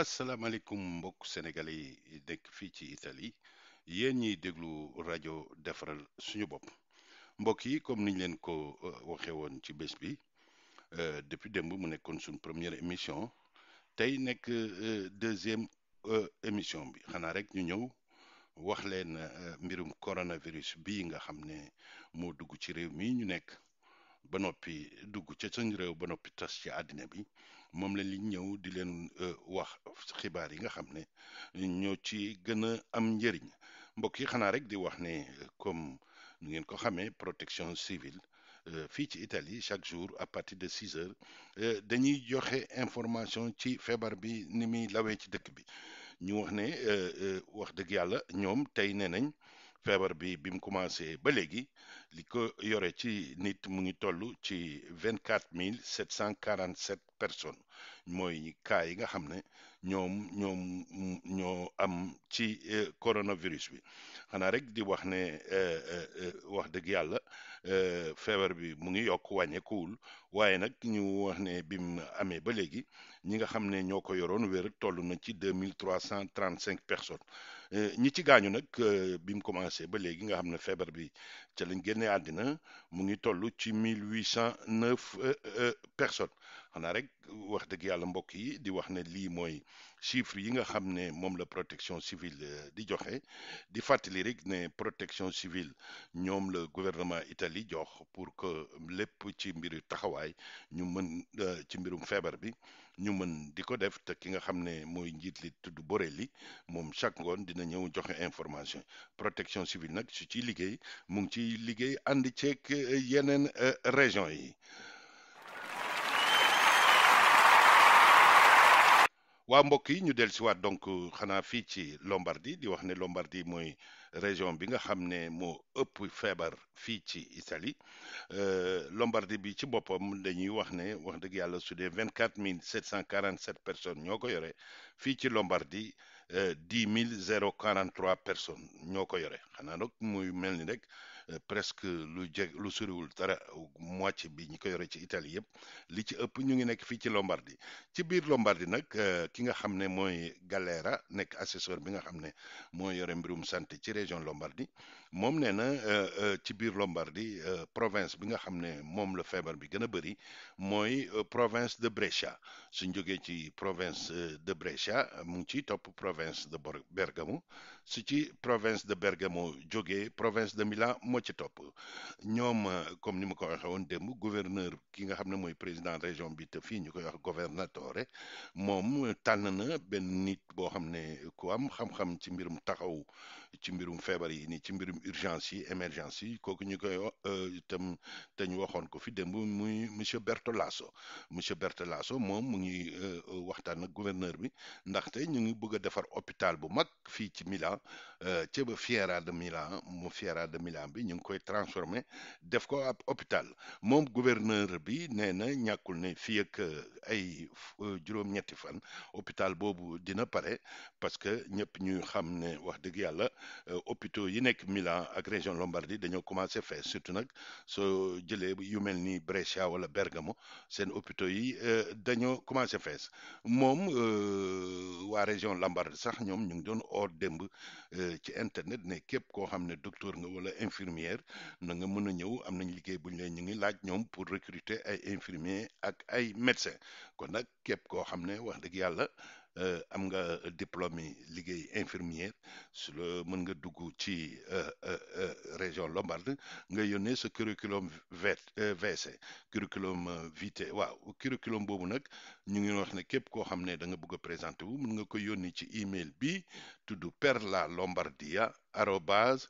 asalaamaaleykum mbokk sénégalais yi nekk fii ci Italie yéen ñiy déglu rajo defaral suñu bopp mbokk yi comme niñ leen ko euh, waxee woon ci bés bi euh, depuis démb mu nekkoon suñ première émission tey nekk euh, deuxième émission bi xanaa rek ñu ñëw wax leen mbirum coronavirus bi nga xam ne moo dugg ci réew mi ñu nekk ba noppi dugg ca suñ réew ba noppi tas ci àddina bi moom la li ñëw di leen euh, wax xibaar yi nga xam ne ñoo ci gën a am njëriñ mbokk yi xanaa rek di wax ne comme nu ngeen ko xamee protection civile euh, fii ci Italie chaque jour à partir de six heures euh, dañuy joxe information ci feebar bi ni muy lawee ci dëkk bi ñu wax ne wax dëgg yàlla ñoom tey nee nañ feebar bi bi mu commencé ba léegi li ko yore ci nit mu ngi toll ci vingt quatre mille sept cent quarante sept personnes mooy cas yi nga xam ne ñoom ñoom ñoo am ci euh, coronavirus bi xanaa rek di wax ne euh, euh, wax dëgg yàlla. Euh, feebar bi mu ngi yokk wàññeekuwul waaye nag ñu wax ne bi mu amee ba léegi ñi nga xam ne ñoo ko yoroon wér toll na ci deux mille trois cent trente cinq personnes euh, ñi ci gaañu nag euh, bi mu commencé ba léegi nga xam ne feebar bi ca lañ génnee àddina mu ngi toll ci mille huit cent neuf personnes xanaa rek wax dëgg yàlla mbokk yi di wax ne lii mooy chiffre yi nga xam ne moom la protection civile euh, di joxe di fàttali rek ne protection civile ñoom la gouvernement Italie jox pour que lépp ci mbiru taxawaay ñu mën euh, ci mbirum feebar bi ñu mën di ko def te ki nga xam ne mooy njiit li tudd li moom chaque ngoon dina ñëw joxe information protection civile nag su ci liggéey mu ngi ciy liggéey ànd ceeg euh, yeneen région yi waa mbokk yi ñu dellusiwaat donc xanaa fii ci Lombardie di wax ne Lombardie mooy région bi nga xam ne moo ëpp feebar fii ci Italie euh, lombardi bi ci boppam dañuy wax ne wax dëgg yàlla su dee vingt quatre mille sept cent quarante sept personnes ñoo ko yore fii ci Lombardie euh, dix mille zéro quarante trois personnes ñoo ko yore xanaa nag muy mel ni rek. Euh, presque lu jeg lu suriwul soriwul dara moitié bi ñu ko yore ci Italie yëpp li ci ëpp ñu ngi nekk fii ci Lombardie ci biir Lombardie nag euh, ki nga xam ne mooy Galera nekk assesseur bi nga xam ne moo yore mbirum santé ci région Lombardie moom nee na euh, ci biir Lombardie province bi nga xam ne moom la feebar bi gën a bëri mooy province de Brescia suñ jógee ci province de Brescia mu ngi ciy topp province de Bergamo su ci province de Bergamo jóge province de Milan moo ci topp ñoom euh, comme ni ma ko waxee woon démb gouverneur ki nga xam ne mooy président région bi te fii ñu koy wax governatore moom tànn na benn nit boo xam ne ku am xam-xam ci mbirum taxaw ci mbirum feebar yi nii ci mbirum urgence yi émergence yi kooku ñu koy euh, itam te ñu waxoon ko fi démb muy monsieur Bertolaso monsieur Bertolaso moom mu ngi euh, waxtaan ak gouverneur bi ndaxte ñu ngi bëgg a defar hôpital bu mag fii ci Milan. Milan euh, ceeba Fiera de Milan mu Fiera de Milan bi ñu ngi koy transformé def ko ab hôpital moom gouverneur bi nee na ñàkkul ne fii ak euh, ay euh, juróom-ñetti fan hôpital boobu dina pare parce que ñëpp ñu xam ne wax dëgg yàlla hôpitaux yi nekk Milan ak région Lombardie dañoo commencé fees surtout nag soo jëlee yu mel ni Brescia wala Bergamo seen hôpitaux yi dañoo commencé fees moom waa région Lombardie sax ñoom ñu ngi doon oo démb Euh, ci internet ne képp koo xam ne docteur nga wala infirmière na nga mën a ñëw am nañu liggéey bu ñu leen ñu ngi laaj ñoom pour recruter ay infirmier ak ay médecin kon nag képp koo xam ne wax dëgg yàlla Euh, am nga euh, diplôme liggéey infirmière su la mën nga dugg ci euh, région lombarde nga yónnee sa curriculum vc curriculum vitae waaw curriculum boobu nag ñu ngi wax ne képp koo xam ne da nga bëgg a présenté wu mën nga ko yónni ci email bi tudd perla lombardia arobase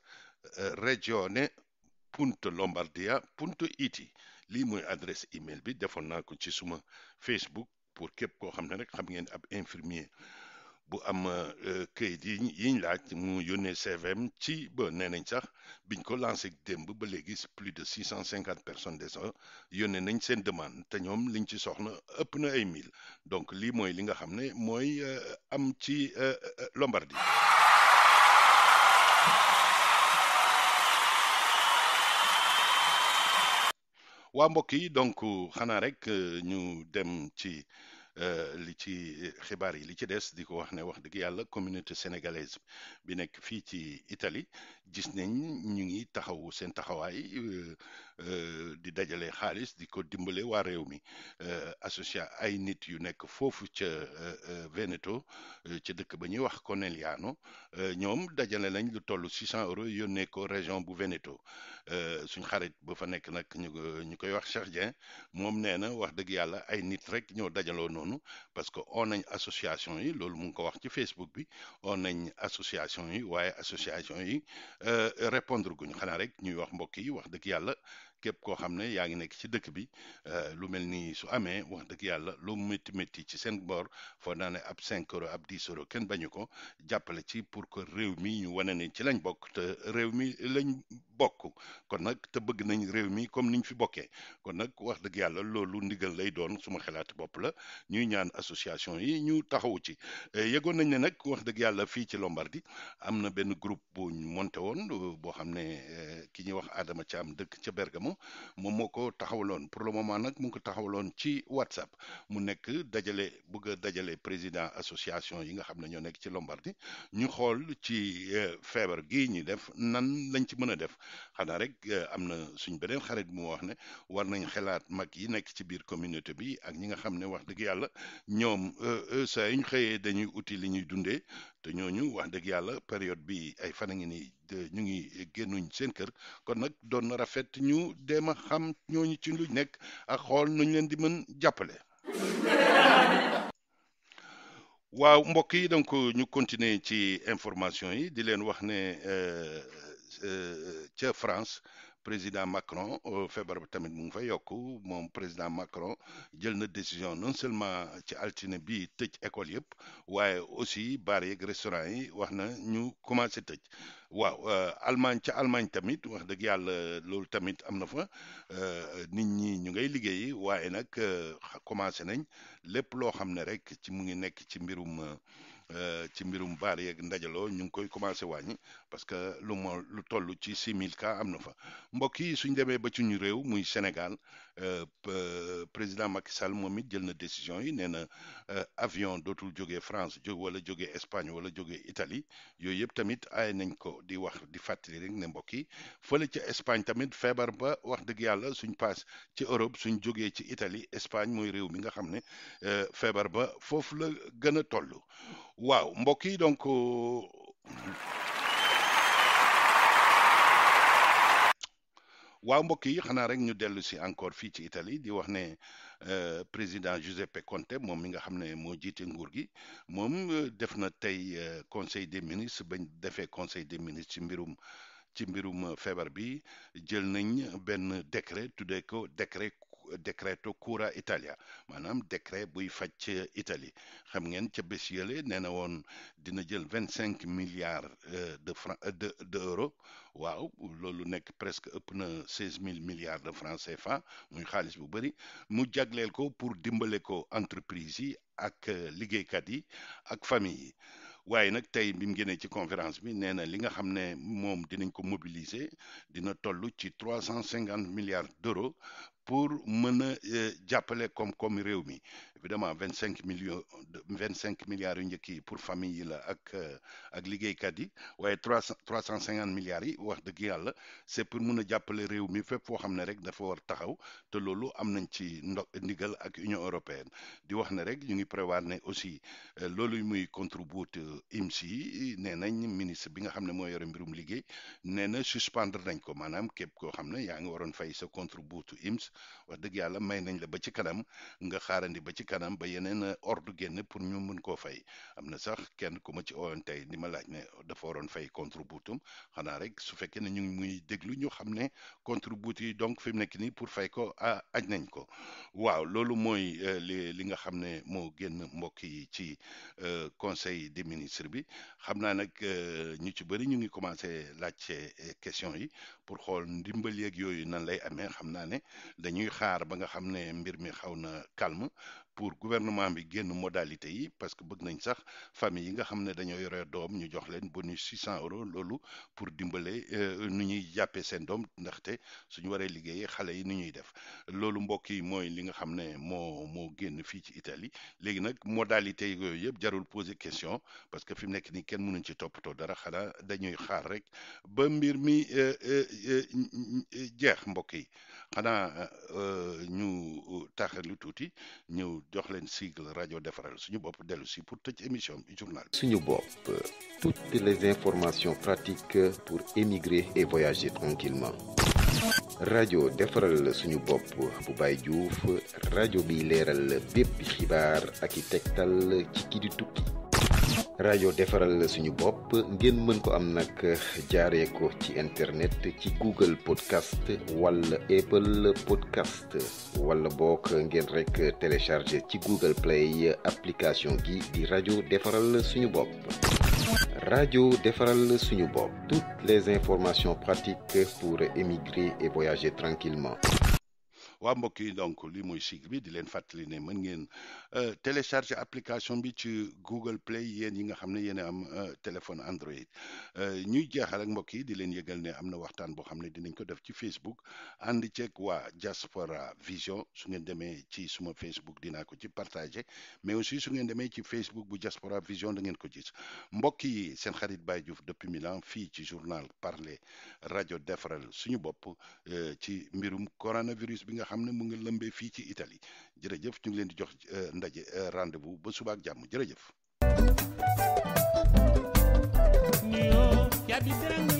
regione punto lombardia punto iti lii mooy adresse email bi defoon naa ko ci suma Facebook pour képp koo xam ne rek xam ngeen ab infirmier bu am euh, këyit yi yiñ laaj mu yónnee CVM ci ba nee nañ sax biñ ko lancé démb ba léegi plus de six cent cinquante personnes des yónnee nañ seen demande te ñoom liñ ci soxna ëpp na ay mille donc lii mooy li nga xam ne mooy euh, am ci euh, Lombardie waa mbokk yi donc xanaa rek ñu dem ci euh, li ci xibaar yi li ci des di ko wax ne wax dëgg yàlla communauté sénégalaise bi nekk fii ci Italie gis nañ ñu ngi taxaw seen taxawaay euh, Euh, di dajale xaalis di ko dimbale waa réew mi euh, associé ay nit yu nekk foofu ca euh, Veneto ca dëkk ba ñuy wax Conegliano ñoom dajale nañ lu toll 600 euros yónnee ko région bu Veneto suñ xarit ba fa nekk nag ñu ñu koy wax Cheikh Dieng moom nee na wax dëgg yàlla ay nit rek ñoo dajaloo noonu parce que on nañ association yi loolu mu ngi ko wax ci Facebook bi on nañ association yi waaye association yi répondre guñ xanaa rek ñuy wax mbokk yi wax dëgg yàlla képp koo xam ne yaa ngi nekk ci dëkk bi euh, lu mel ni su amee wax dëgg yàlla loo métti métti ci seen boor foo naa ne ab 5 euros ab 10 euros kenn bañu ko jàppale ci pour que réew mi ñu wane ni ci lañ bokk te réew mi lañ bokk kon nag te bëgg nañ réew mi comme niñ fi bokkee kon nag wax dëgg yàlla loolu ndigal lay doon suma xalaati bopp la ñuy ñaan association yi ñu taxawu ci euh, yëgoon nañ ne nag wax dëgg yàlla fii ci Lombardie am na benn groupe bu monté woon euh, boo xam ne ki ñuy wax Adama am dëkk ca Bergamo moom moo ko taxawaloon pour le moment nag mu ngi ko taxawaloon ci WhatsApp mu nekk dajale bëgg a dajale président association yi nga xam ne ñoo nekk ci Lombardie ñu xool ci euh, feebar gi ñu def nan lañ ci mën a def xanaa rek euh, am na suñ beneen xarit mu wax ne war nañ xalaat mag yi nekk ci biir communauté bi ak ñi nga xam ne wax dëgg yàlla ñoom euh, saa yu ñu xëyee dañuy uti li ñuy dundee te ñooñu wax dëgg yàlla période bi ay fan a ngi nii ñu ngi génnuñ seen kër kon nag doon na rafet ñu dem a xam ñooñu ci lu nekk ak xool nuñ leen di mën jàppale. waaw mbokk yi donc ñu continuer ci information yi di leen wax ne euh, euh, ca France. président Macron euh, feebar tamit mu ngi fay yokk moom président Macron jël na décision non seulement ci altine bi tëj école yëpp waaye aussi bar yeeg restaurant yi wax na ñu commencé tëj waaw euh, Allemagne ci Allemagne tamit wax dëgg yàlla loolu tamit am na fa euh, nit ñi ñu ngay liggéeyi waaye nag commencé nañ lépp loo xam ne rek ci mu ngi nekk ci mbirum ci mbirum baar yeeg ndajaloo ñu ngi koy commencé wàññi parce que lu mo lu toll ci six mille am na fa mbokk yi suñ demee ba ci ñu réew muy Sénégal euh, euh, président Macky Sall moom it jël na décision yi nee na euh, avion dootul jóge France jóge wala jóge Espagne wala jóge Italie yooyu yëpp tamit aay nañ ko di wax di fàttali rek ne mbokk yi fële ci Espagne tamit feebar ba wax dëgg yàlla suñ paas ci Europe suñ jógee ci Italie Espagne mooy réew mi nga xam ne feebar ba foofu la gën a toll waaw mbokk yi donc. waaw mbokk yi xanaa rek ñu dellu si encore fii ci itali di wax ne euh, président Giuseppe Conte moom mi nga xam ne moo jiite nguur gi moom euh, def na tey euh, conseil de ministres bañ defee conseil des ministres ci mbirum ci mbirum feebar bi jël nañ benn tu tuddee ko décret decreto cura Italia maanaam décret buy faj ca Italie xam ngeen ca bés yële nee na woon dina jël vingt cinq milliards euh, de franc euh, de de waaw loolu nekk presque ëpp na seize mille milliards de francs CFA muy xaalis bu bëri mu jagleel ko pour dimbale ko entreprise yi ak euh, liggéeykat yi ak famille yi. waaye nag tey bi mu génnee ci conférence bi nee na li nga xam ne moom dinañ ko mobiliser dina toll ci trois cent cinquante milliards d'euros pour mën a euh, jàppale koom-koom réew mi évidemment vingt cinq millions vingt cinq milliards yu njëkk pour famille yi la ak euh, ak liggéeykat yi waaye trois cent trois cent cinquante milliards yi wax dëgg yàlla c'est pour mën a jàppale réew mi fépp foo xam ne rek dafa war taxaw te loolu am nañ ci ndo ndigal ak Union européenne di wax ne rek ñu ngi prévoir ne aussi euh, loolu muy contribute IMSI yi nee nañ ministre bi nga xam ne mooy yore mbirum liggéey nee na suspendre nañ ko maanaam képp koo xam ne yaa ngi waroon fay sa contribute IMSI wax dëgg yàlla may nañ la ba ci kanam nga xaarandi ba ci kanam ba yeneen euh, ordre génn pour ñu mën koo fay am na sax kenn ku ma ci ooyoon tey di ma laaj ne dafa waroon contre contributum xanaa rek su fekkee ne ñu ngi muy déglu ñu xam ne contribut yi donc fi mu nekk nii pour fay ko ah aj nañ ko waaw loolu mooy euh, li li nga xam ne moo génn mbokk yi ci euh, conseil des ministres bi xam naa nag ñu ci bëri ñu ngi commencé laajte question yi pour xool ndimbal yeeg yooyu nan lay amee xam naa ne dañuy xaar ba nga xam ne mbir mi xaw na calme pour gouvernement bi génn modalité yi parce que bëgg nañ sax famille yi nga xam ne dañoo yore doom ñu jox leen bonus 600 euros loolu pour dimbale euh, nu ñuy jàppee seen doom ndaxte suñu waree liggéeyee xale yi nu ñuy def loolu mbokk yi mooy li nga xam ne moo moo génn fii ci Italie léegi nag modalité yooyu yëpp jarul poser question parce que fi mu nekk nii kenn mënuñ ci toppatoo dara xanaa dañuy xaar rek ba mbir mi euh, euh, jeex mbokk yi xanaa ñu taxal lu tuuti ñëw. jox leen sigle rajo defaral suñu bopp dellu si pour tëj émission bi journal bi. suñu bopp toutes les informations pratiques pour émigrer et voyager tranquillement rajo defaral suñu bopp bu Baye Diouf rajo bi leeral bépp xibaar ak ci ki tukki. rajo defaral suñu bopp ngeen mën ko am nag jaaree ko ci internet ci Google podcast wala Apple podcast wala book ngeen rek télécharger ci Google Play application gi di rajo defaral suñu bopp. rajo defaral suñu bopp toutes les informations pratiques pour émigrer et voyager tranquillement waa mbokk yi donc lii mooy sigle bi di leen fàttali ne mën ngeen euh, télécharger application bi ci Google Play yéen yi nga xam ne yéen am euh, téléphone Android euh, ñuy jeexal ak mbokk yi di leen yëgal ne am na waxtaan boo xam ne dinañ ko def ci Facebook ànd ceeg waa Diaspora Vision su ngeen demee ci suma Facebook dinaa ko ci partager mais aussi su ngeen demee ci Facebook bu Diaspora Vision da ngeen ko gis mbokk yi seen xarit Baye Diouf depuis Milan fii ci journal Parler rajo defaral suñu bopp ci mbirum coronavirus bi nga xam am na mu nga fii ci itali jërëjëf ñu ngi leen di jox euh, ndaje euh, rendez-vous ba suba ak jàmm jërëjëf.